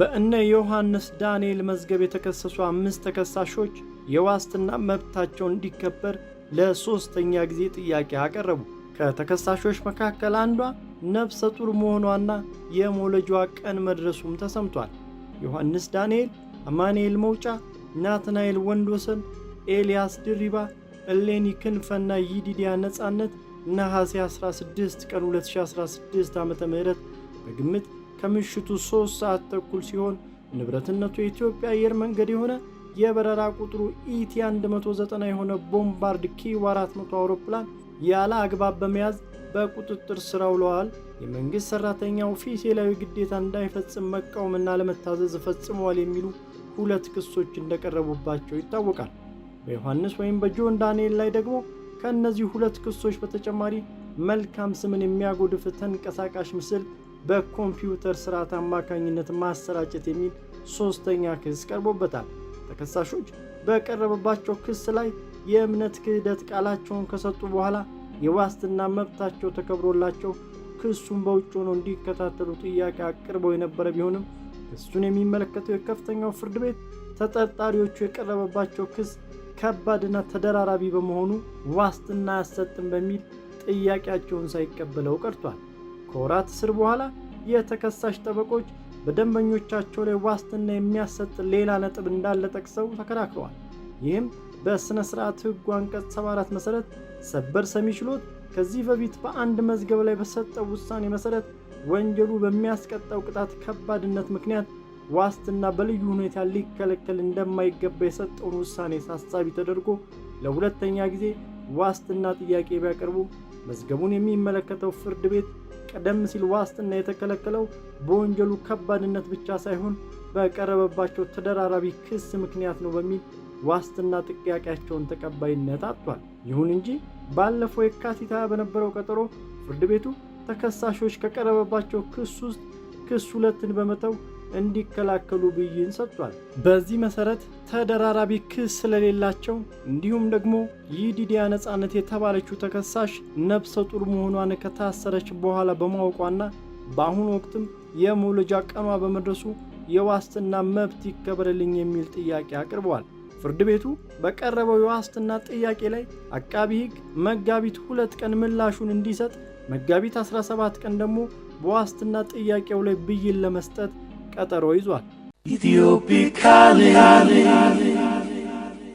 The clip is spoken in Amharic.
በእነ ዮሐንስ ዳንኤል መዝገብ የተከሰሱ አምስት ተከሳሾች የዋስትና መብታቸው እንዲከበር ለሦስተኛ ጊዜ ጥያቄ አቀረቡ። ከተከሳሾች መካከል አንዷ ነፍሰ ጡር መሆኗና የመውለጃዋ ቀን መድረሱም ተሰምቷል። ዮሐንስ ዳንኤል፣ አማንኤል መውጫ፣ ናትናኤል ወንዶሰን፣ ኤልያስ ድሪባ፣ እሌኒ ክንፈና ይዲዲያ ነጻነት ነሐሴ 16 ቀን 2016 ዓ.ም በግምት ከምሽቱ ሶስት ሰዓት ተኩል ሲሆን ንብረትነቱ የኢትዮጵያ አየር መንገድ የሆነ የበረራ ቁጥሩ ኢቲ 190 የሆነ ቦምባርድ ኪው 400 አውሮፕላን ያለ አግባብ በመያዝ በቁጥጥር ስር ውለዋል። የመንግሥት ሠራተኛው ኦፊሴላዊ ግዴታ እንዳይፈጽም መቃወምና ለመታዘዝ ፈጽመዋል የሚሉ ሁለት ክሶች እንደቀረቡባቸው ይታወቃል። በዮሐንስ ወይም በጆን ዳንኤል ላይ ደግሞ ከእነዚህ ሁለት ክሶች በተጨማሪ መልካም ስምን የሚያጎድፍ ተንቀሳቃሽ ምስል በኮምፒውተር ስርዓት አማካኝነት ማሰራጨት የሚል ሶስተኛ ክስ ቀርቦበታል። ተከሳሾች በቀረበባቸው ክስ ላይ የእምነት ክህደት ቃላቸውን ከሰጡ በኋላ የዋስትና መብታቸው ተከብሮላቸው ክሱን በውጭ ሆነው እንዲከታተሉ ጥያቄ አቅርበው የነበረ ቢሆንም ክሱን የሚመለከተው የከፍተኛው ፍርድ ቤት ተጠርጣሪዎቹ የቀረበባቸው ክስ ከባድና ተደራራቢ በመሆኑ ዋስትና አያሰጥም በሚል ጥያቄያቸውን ሳይቀበለው ቀርቷል። ከወራት እስር በኋላ የተከሳሽ ጠበቆች በደንበኞቻቸው ላይ ዋስትና የሚያሰጥ ሌላ ነጥብ እንዳለ ጠቅሰው ተከራክረዋል። ይህም በሥነ ሥርዓት ሕጉ አንቀጽ 74 መሠረት ሰበር ሰሚ ችሎት ከዚህ በፊት በአንድ መዝገብ ላይ በሰጠው ውሳኔ መሠረት ወንጀሉ በሚያስቀጣው ቅጣት ከባድነት ምክንያት ዋስትና በልዩ ሁኔታ ሊከለከል እንደማይገባ የሰጠውን ውሳኔ ታሳቢ ተደርጎ ለሁለተኛ ጊዜ ዋስትና ጥያቄ ቢያቀርቡ መዝገቡን የሚመለከተው ፍርድ ቤት ቀደም ሲል ዋስትና የተከለከለው በወንጀሉ ከባድነት ብቻ ሳይሆን በቀረበባቸው ተደራራቢ ክስ ምክንያት ነው በሚል ዋስትና ጥያቄያቸውን ተቀባይነት አጥቷል። ይሁን እንጂ ባለፈው የካቲት ሃያ በነበረው ቀጠሮ ፍርድ ቤቱ ተከሳሾች ከቀረበባቸው ክስ ውስጥ ክስ ሁለትን በመተው እንዲከላከሉ ብይን ሰጥቷል። በዚህ መሰረት ተደራራቢ ክስ ስለሌላቸው እንዲሁም ደግሞ ይዲዲያ ነጻነት የተባለችው ተከሳሽ ነፍሰ ጡር መሆኗን ከታሰረች በኋላ በማወቋና በአሁኑ ወቅትም የመውለጃ ቀኗ በመድረሱ የዋስትና መብት ይከበርልኝ የሚል ጥያቄ አቅርበዋል። ፍርድ ቤቱ በቀረበው የዋስትና ጥያቄ ላይ አቃቢ ሕግ መጋቢት ሁለት ቀን ምላሹን እንዲሰጥ፣ መጋቢት 17 ቀን ደግሞ በዋስትና ጥያቄው ላይ ብይን ለመስጠት ቀጠሮ ይዟል።